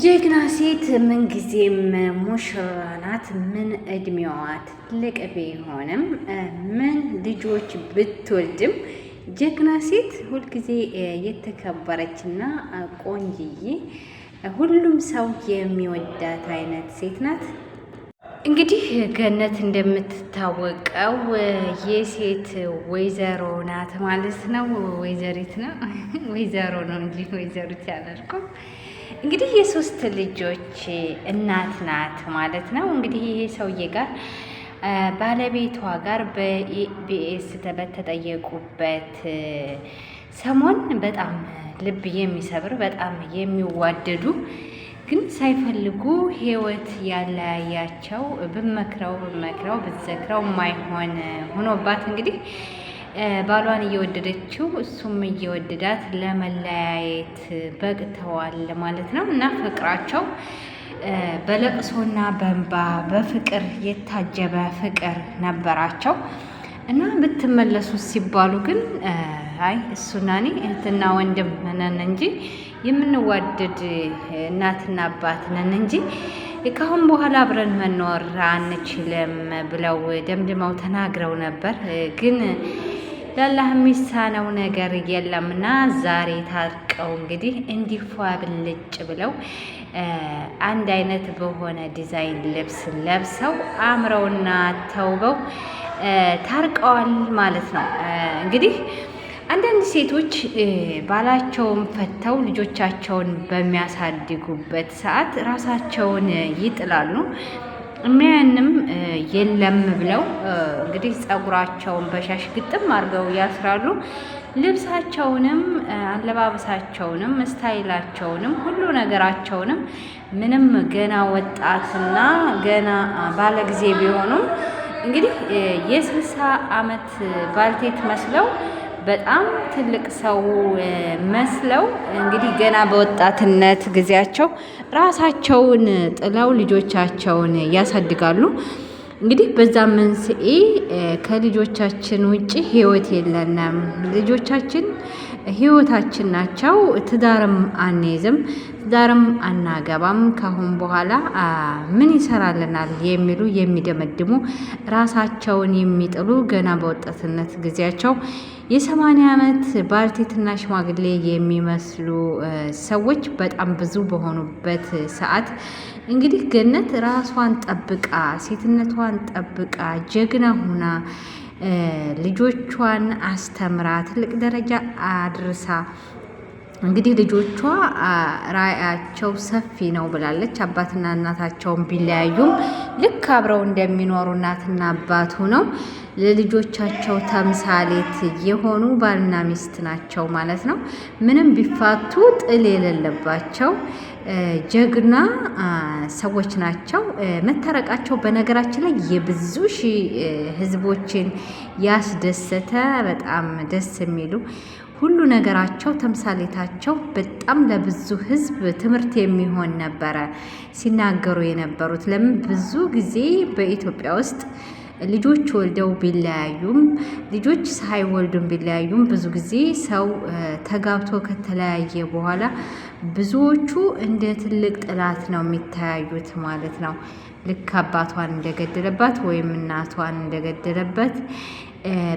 ጀግና ሴት ምንጊዜም ሙሽራ ናት። ምን እድሜዋ ትልቅ ቢሆንም ምን ልጆች ብትወልድም ጀግና ሴት ሁልጊዜ የተከበረችና ቆንጅዬ ሁሉም ሰው የሚወዳት አይነት ሴት ናት። እንግዲህ ገነት እንደምትታወቀው የሴት ወይዘሮ ናት ማለት ነው። ወይዘሪት ነው ወይዘሮ ነው እንጂ ወይዘሪት ያላልኩም እንግዲህ የሶስት ልጆች እናት ናት ማለት ነው። እንግዲህ ይሄ ሰውዬ ጋር ባለቤቷ ጋር በኢቢኤስ በተጠየቁበት ሰሞን በጣም ልብ የሚሰብር በጣም የሚዋደዱ ግን ሳይፈልጉ ህይወት ያለያያቸው ብመክረው ብመክረው ብዘክረው ማይሆን ሆኖባት እንግዲህ ባሏን እየወደደችው እሱም እየወደዳት ለመለያየት በቅተዋል ማለት ነው እና ፍቅራቸው በለቅሶና በእንባ በፍቅር የታጀበ ፍቅር ነበራቸው እና ብትመለሱ ሲባሉ ግን አይ እሱና እኔ እህትና ወንድም ነን እንጂ የምንዋደድ እናትና አባት ነን እንጂ ከአሁን በኋላ አብረን መኖር አንችልም ብለው ደምድመው ተናግረው ነበር ግን ለአላህ የሚሳነው ነገር የለምና ዛሬ ታርቀው እንግዲህ እንዲፏ ብልጭ ብለው አንድ አይነት በሆነ ዲዛይን ልብስ ለብሰው አምረውና ተውበው ታርቀዋል ማለት ነው። እንግዲህ አንዳንድ ሴቶች ባላቸውን ፈተው ልጆቻቸውን በሚያሳድጉበት ሰዓት ራሳቸውን ይጥላሉ። የሚያንም የለም ብለው እንግዲህ ጸጉራቸውን በሻሽ ግጥም አድርገው ያስራሉ። ልብሳቸውንም አለባበሳቸውንም ስታይላቸውንም ሁሉ ነገራቸውንም ምንም ገና ወጣትና ገና ባለ ጊዜ ቢሆኑም እንግዲህ የስልሳ አመት ባልቴት መስለው በጣም ትልቅ ሰው መስለው እንግዲህ ገና በወጣትነት ጊዜያቸው ራሳቸውን ጥለው ልጆቻቸውን ያሳድጋሉ። እንግዲህ በዛ መንስኤ ከልጆቻችን ውጭ ህይወት የለንም ልጆቻችን ህይወታችን ናቸው። ትዳርም አንይዝም፣ ትዳርም አናገባም፣ ከሁን በኋላ ምን ይሰራልናል የሚሉ የሚደመድሙ ራሳቸውን የሚጥሉ ገና በወጣትነት ጊዜያቸው የሰማንያ ዓመት ባልቴትና ሽማግሌ የሚመስሉ ሰዎች በጣም ብዙ በሆኑበት ሰዓት እንግዲህ ገነት ራሷን ጠብቃ ሴትነቷን ጠብቃ ጀግና ሁና ልጆቿን አስተምራ ትልቅ ደረጃ አድርሳ እንግዲህ ልጆቿ ራዕያቸው ሰፊ ነው ብላለች። አባትና እናታቸውን ቢለያዩም ልክ አብረው እንደሚኖሩ እናትና አባቱ ነው ለልጆቻቸው ተምሳሌት የሆኑ ባልና ሚስት ናቸው ማለት ነው። ምንም ቢፋቱ ጥል የሌለባቸው ጀግና ሰዎች ናቸው። መታረቃቸው በነገራችን ላይ የብዙ ሺህ ያስደሰተ በጣም ደስ የሚሉ ሁሉ ነገራቸው ተምሳሌታቸው በጣም ለብዙ ህዝብ ትምህርት የሚሆን ነበረ ሲናገሩ የነበሩት። ለምን ብዙ ጊዜ በኢትዮጵያ ውስጥ ልጆች ወልደው ቢለያዩም ልጆች ሳይወልዱም ቢለያዩም ብዙ ጊዜ ሰው ተጋብቶ ከተለያየ በኋላ ብዙዎቹ እንደ ትልቅ ጠላት ነው የሚተያዩት ማለት ነው። ልክ አባቷን እንደገደለባት ወይም እናቷን እንደገደለበት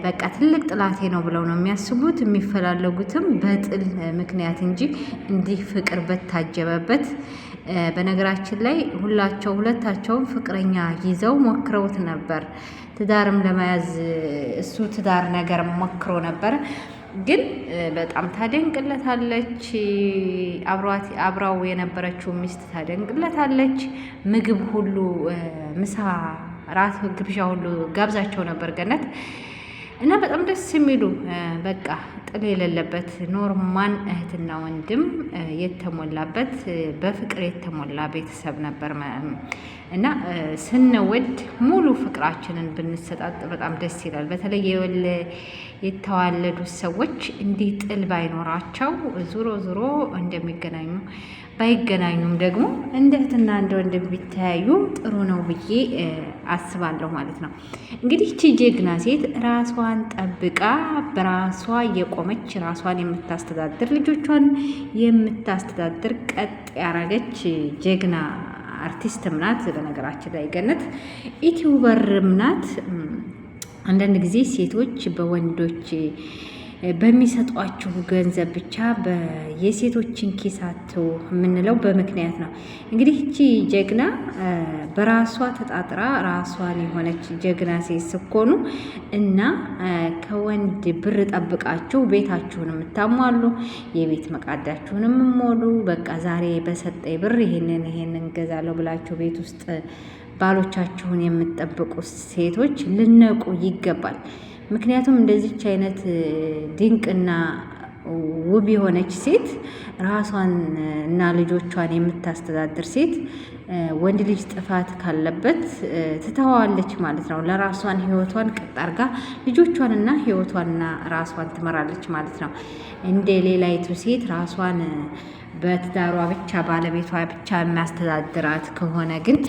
በቃ ትልቅ ጥላቴ ነው ብለው ነው የሚያስቡት። የሚፈላለጉትም በጥል ምክንያት እንጂ እንዲህ ፍቅር በታጀበበት። በነገራችን ላይ ሁላቸው ሁለታቸውም ፍቅረኛ ይዘው ሞክረውት ነበር። ትዳርም ለመያዝ እሱ ትዳር ነገር ሞክሮ ነበር ግን በጣም ታደንቅለታለች። አብራው የነበረችው ሚስት ታደንቅለታለች። ምግብ ሁሉ ምሳ፣ ራት ግብዣ ሁሉ ጋብዛቸው ነበር ገነት እና በጣም ደስ የሚሉ በቃ ጥል የሌለበት ኖርማን እህትና ወንድም የተሞላበት በፍቅር የተሞላ ቤተሰብ ነበር። እና ስንወድ ሙሉ ፍቅራችንን ብንሰጣጥ በጣም ደስ ይላል። በተለይ የተዋለዱ ሰዎች እንዲህ ጥል ባይኖራቸው ዙሮ ዙሮ እንደሚገናኙ ባይገናኙም ደግሞ እንደ እህትና እንደ ወንድም ቢተያዩ ጥሩ ነው ብዬ አስባለሁ ማለት ነው። እንግዲህ ቺ ጀግና ሴት ራሷን ጠብቃ በራሷ የቆመች ራሷን የምታስተዳድር ልጆቿን የምታስተዳድር ቀጥ ያረገች ጀግና አርቲስትም ናት። በነገራችን ላይ ገነት ዩቲዩበርም ናት። አንዳንድ ጊዜ ሴቶች በወንዶች በሚሰጧችሁ ገንዘብ ብቻ የሴቶችን ኪሳት የምንለው በምክንያት ነው። እንግዲህ እቺ ጀግና በራሷ ተጣጥራ ራሷን የሆነች ጀግና ሴት ስኮኑ እና ከወንድ ብር ጠብቃችሁ ቤታችሁን የምታሟሉ የቤት መቃዳችሁን የምሞሉ በቃ ዛሬ በሰጠኝ ብር ይሄንን ይሄንን እንገዛለሁ ብላችሁ ቤት ውስጥ ባሎቻችሁን የምትጠብቁ ሴቶች ልነቁ ይገባል። ምክንያቱም እንደዚች አይነት ድንቅና ውብ የሆነች ሴት ራሷን እና ልጆቿን የምታስተዳድር ሴት ወንድ ልጅ ጥፋት ካለበት ትተዋዋለች ማለት ነው። ለራሷን ህይወቷን ቅጥ አርጋ ልጆቿንና ና ራሷን ትመራለች ማለት ነው። እንደ ሌላይቱ ሴት ራሷን በትዳሯ ብቻ ባለቤቷ ብቻ የሚያስተዳድራት ከሆነ ግን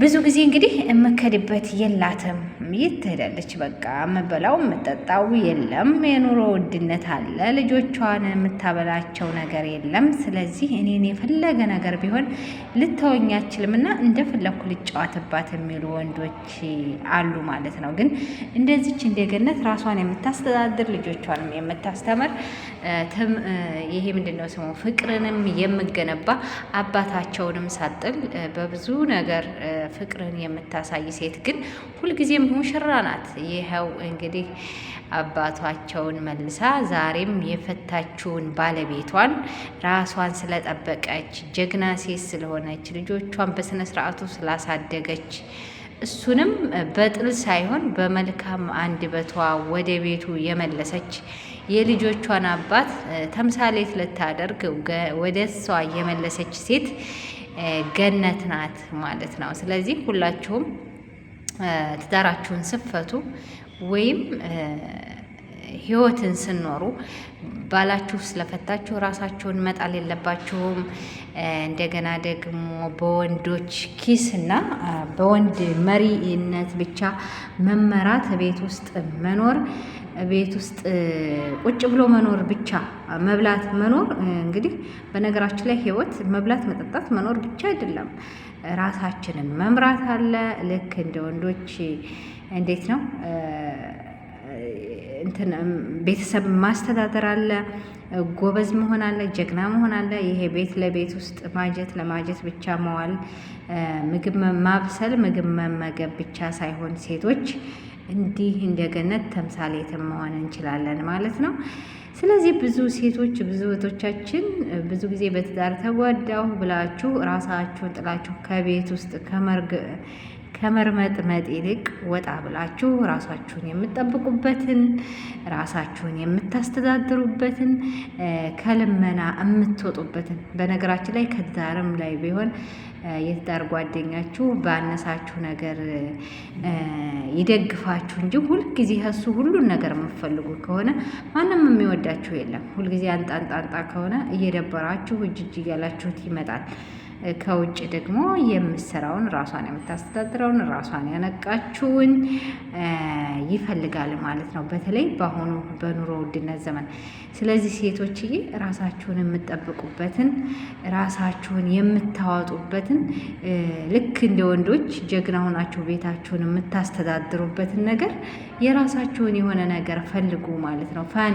ብዙ ጊዜ እንግዲህ የምከድበት የላትም የት ትሄዳለች? በቃ የምበላው የምጠጣው የለም፣ የኑሮ ውድነት አለ፣ ልጆቿን የምታበላቸው ነገር የለም። ስለዚህ እኔን የፈለገ ነገር ቢሆን ልተወኝ አችልም እና እንደፈለግኩ ልጫወትባት የሚሉ ወንዶች አሉ ማለት ነው። ግን እንደዚች እንደገነት ራሷን የምታስተዳድር ልጆቿንም የምታስተምር ይሄ ምንድን ነው ስሙ ፍቅርንም የምገነባ አባታቸውንም ሳጥል በብዙ ነገር ፍቅርን የምታሳይ ሴት ግን ሁልጊዜም ሙሽራ ናት። ይኸው እንግዲህ አባቷቸውን መልሳ ዛሬም የፈታችውን ባለቤቷን ራሷን ስለጠበቀች ጀግና ሴት ስለሆነች ልጆቿን በስነ ስርዓቱ ስላሳደገች እሱንም በጥል ሳይሆን በመልካም በቷ ወደ ቤቱ የመለሰች የልጆቿን አባት ተምሳሌት ልታደርግ ወደ እሷ የመለሰች ሴት ገነት ናት ማለት ነው። ስለዚህ ሁላችሁም ትዳራችሁን ስፈቱ ወይም ህይወትን ስኖሩ ባላችሁ ስለፈታችሁ ራሳችሁን መጣል የለባችሁም። እንደገና ደግሞ በወንዶች ኪስና በወንድ መሪነት ብቻ መመራት ቤት ውስጥ መኖር ቤት ውስጥ ቁጭ ብሎ መኖር ብቻ መብላት መኖር እንግዲህ በነገራችን ላይ ህይወት መብላት መጠጣት መኖር ብቻ አይደለም። ራሳችንን መምራት አለ። ልክ እንደ ወንዶች እንዴት ነው ቤተሰብ ማስተዳደር አለ። ጎበዝ መሆን አለ። ጀግና መሆን አለ። ይሄ ቤት ለቤት ውስጥ ማጀት ለማጀት ብቻ መዋል ምግብ ማብሰል ምግብ መመገብ ብቻ ሳይሆን ሴቶች እንዲህ እንደገነት ተምሳሌትም መሆን እንችላለን ማለት ነው። ስለዚህ ብዙ ሴቶች ብዙ እህቶቻችን ብዙ ጊዜ በትዳር ተጓዳሁ ብላችሁ ራሳችሁን ጥላችሁ ከቤት ውስጥ ከመርመጥመጥ ይልቅ ወጣ ብላችሁ ራሳችሁን የምትጠብቁበትን ራሳችሁን የምታስተዳድሩበትን ከልመና የምትወጡበትን በነገራችን ላይ ከትዳርም ላይ ቢሆን የትዳር ጓደኛችሁ ባነሳችሁ ነገር ይደግፋችሁ እንጂ ሁልጊዜ እሱ ሁሉን ነገር የምፈልጉ ከሆነ ማንም የሚወዳችሁ የለም። ሁልጊዜ አንጣንጣንጣ ከሆነ እየደበራችሁ እጅ እጅ እያላችሁት ይመጣል። ከውጭ ደግሞ የምትሰራውን ራሷን የምታስተዳድረውን ራሷን ያነቃችውን ይፈልጋል ማለት ነው፣ በተለይ በአሁኑ በኑሮ ውድነት ዘመን። ስለዚህ ሴቶችዬ ራሳችሁን የምጠብቁበትን ራሳችሁን የምታወጡበትን ልክ እንደ ወንዶች ጀግና ሆናችሁ ቤታችሁን የምታስተዳድሩበትን ነገር የራሳችሁን የሆነ ነገር ፈልጉ ማለት ነው። ፈን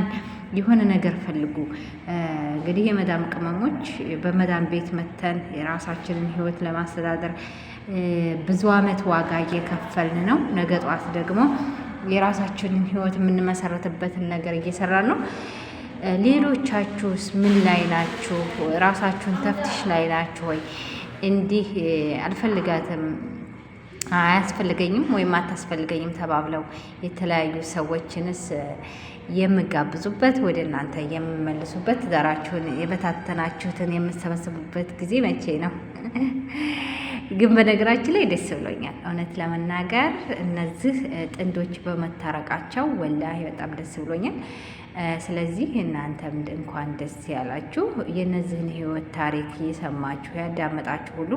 የሆነ ነገር ፈልጉ። እንግዲህ የመዳም ቅመሞች በመዳም ቤት መተን የራሳችንን ህይወት ለማስተዳደር ብዙ አመት ዋጋ እየከፈልን ነው። ነገ ጠዋት ደግሞ የራሳችንን ህይወት የምንመሰረትበትን ነገር እየሰራን ነው። ሌሎቻችሁስ ምን ላይ ናችሁ? ራሳችሁን ተፍትሽ ላይ ናችሁ ወይ? እንዲህ አልፈልጋትም አያስፈልገኝም ወይም አታስፈልገኝም ተባብለው የተለያዩ ሰዎችንስ የምጋብዙበት ወደ እናንተ የምመልሱበት ትዳራችሁን የበታተናችሁትን የምሰበስቡበት ጊዜ መቼ ነው? ግን በነገራችን ላይ ደስ ብሎኛል። እውነት ለመናገር እነዚህ ጥንዶች በመታረቃቸው ወላሂ በጣም ደስ ብሎኛል። ስለዚህ እናንተም እንኳን ደስ ያላችሁ። የእነዚህን ህይወት ታሪክ እየሰማችሁ ያዳመጣችሁ ሁሉ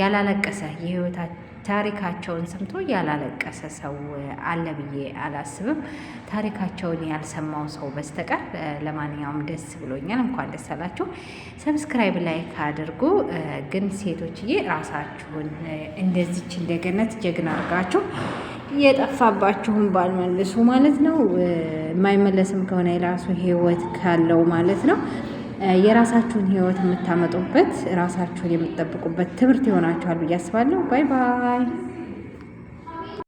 ያላለቀሰ የህይወታችሁ ታሪካቸውን ሰምቶ ያላለቀሰ ሰው አለ ብዬ አላስብም፣ ታሪካቸውን ያልሰማው ሰው በስተቀር። ለማንኛውም ደስ ብሎኛል፣ እንኳን ደስ አላችሁ። ሰብስክራይብ ላይ ካድርጉ። ግን ሴቶችዬ ራሳችሁን እንደዚች እንደገነት ጀግና አድርጋችሁ የጠፋባችሁን ባልመልሱ ማለት ነው። የማይመለስም ከሆነ የራሱ ህይወት ካለው ማለት ነው። የራሳችሁን ህይወት የምታመጡበት ራሳችሁን የምትጠብቁበት ትምህርት ይሆናችኋል ብዬ አስባለሁ። ባይ ባይ።